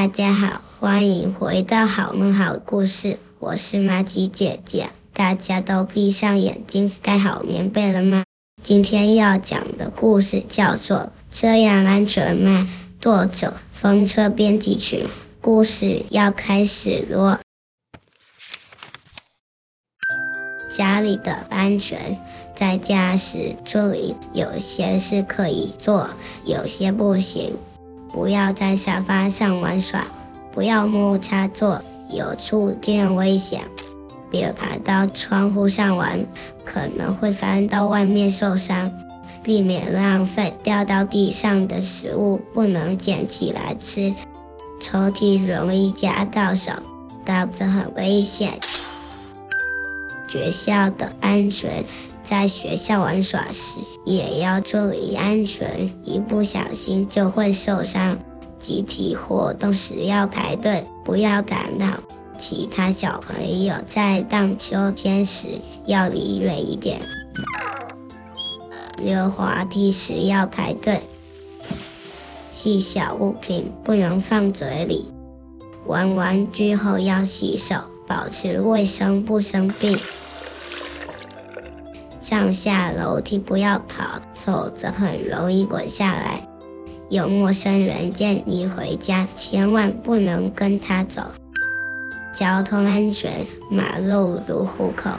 大家好，歡迎回到好夢好故事，我是瑪吉姐姐。大家都閉上眼睛，蓋好棉被了嗎？今天要講的故事叫做《這樣安全嗎》？作者：風車編輯群。故事要開始咯。家裡的安全，在家時注意，有些事可以做，有些不行。不要在沙发上玩耍，不要摸插座，有觸電危險。別爬到窗戶上玩，可能會翻到外面受傷。避免浪費，掉到地上的食物不能撿起來吃。抽屜容易夾到手，導致很危險。學校的安全。在學校玩耍時也要注意安全，一不小心就會受傷。集體活動時要排隊，不要打鬧。其他小朋友在荡秋千時要離遠一點。溜滑梯時要排隊。細小物品不能放嘴裡。玩玩具後要洗手，保持衛生，不生病。上下樓梯不要跑，否則很容易滾下來。有陌生人接你回家，千萬不能跟他走。交通安全，馬路如虎口，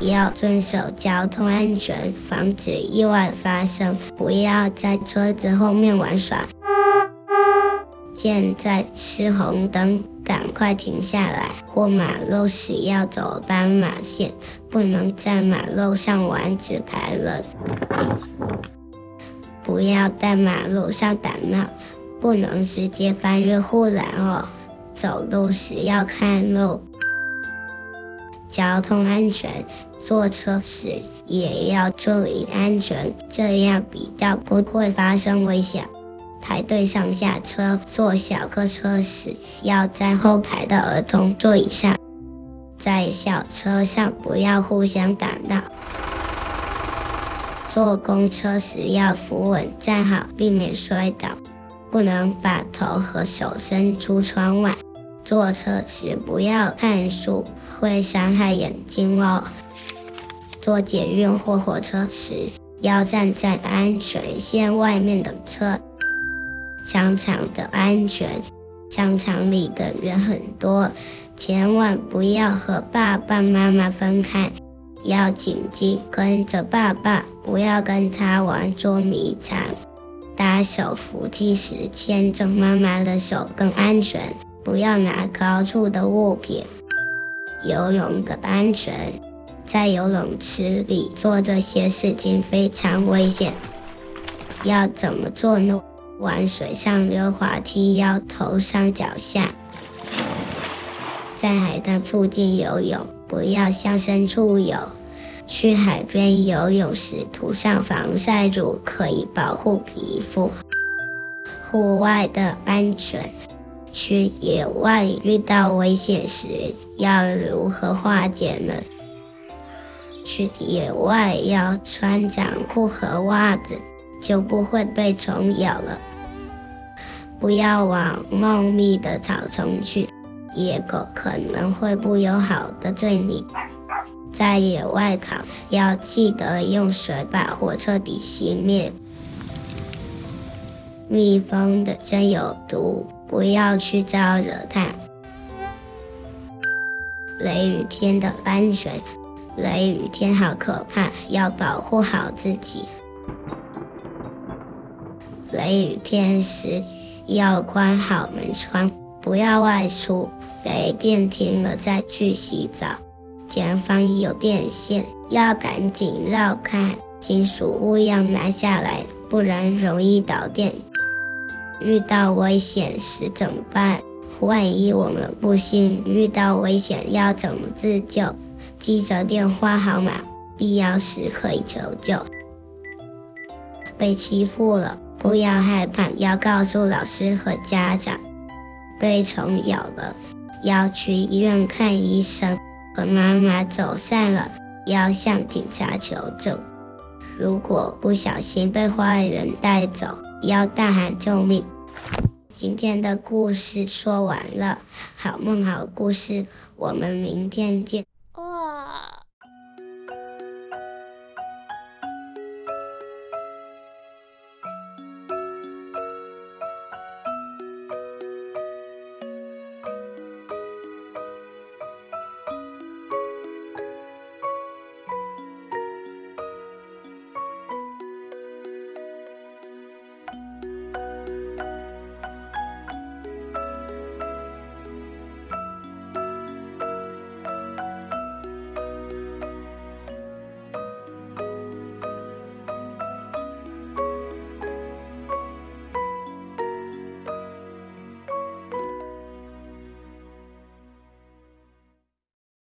要遵守交通安全，防止意外發生。不要在車子後面玩耍。現在是紅燈，趕快停下來。過馬路時要走斑馬線，不能在馬路上玩紙牌了。不要在馬路上打鬧，不能直接翻越護欄哦。走路時要看路。交通安全。坐車時也要注意安全，這樣比較不會發生危險。排隊上下車，坐小客車時要在後排的兒童座椅上，在小車上不要互相打鬧。坐公車時要扶穩站好，避免摔倒。不能把頭和手伸出窗外。坐車時不要看書，會傷害眼睛哦。坐捷運或火車時，要站在安全線外面等車。商場的安全，商場裡的人很多，千萬不要和爸爸媽媽分開，要緊緊跟着爸爸，不要跟他玩捉迷藏。搭手扶梯時牽着媽媽的手更安全，不要拿高處的物品。游泳的安全，在游泳池裡做這些事情非常危險，要怎麼做呢？玩水上溜滑梯，要頭上腳下，在海灘附近游泳不要向深處游。去海邊游泳時塗上防曬乳可以保護皮膚。戶外的安全，去野外遇到危險時要如何化解呢？去野外要穿長褲和襪子，就不會被蟲咬了。不要往茂密的草叢去，野狗可能會不友好的追你。在野外烤，要記得用水把火徹底熄滅。蜜蜂的針有毒，不要去招惹它。雷雨天的安全，雷雨天好可怕，要保護好自己。雷雨天時。要關好門窗，不要外出。雷電停了再去洗澡。前方已有電線，要趕緊繞開。金屬物要拿下來，不然容易導電。遇到危險時怎麼辦？萬一我們不幸遇到危險，要怎麼自救？記着電話號碼，必要時可以求救。被欺負了，不要害怕，要告訴老師和家長。被蟲咬了，要去醫院看醫生。和媽媽走散了，要向警察求救。如果不小心被壞人帶走，要大喊救命。今天的故事說完了，好夢好故事，我們明天見。哇。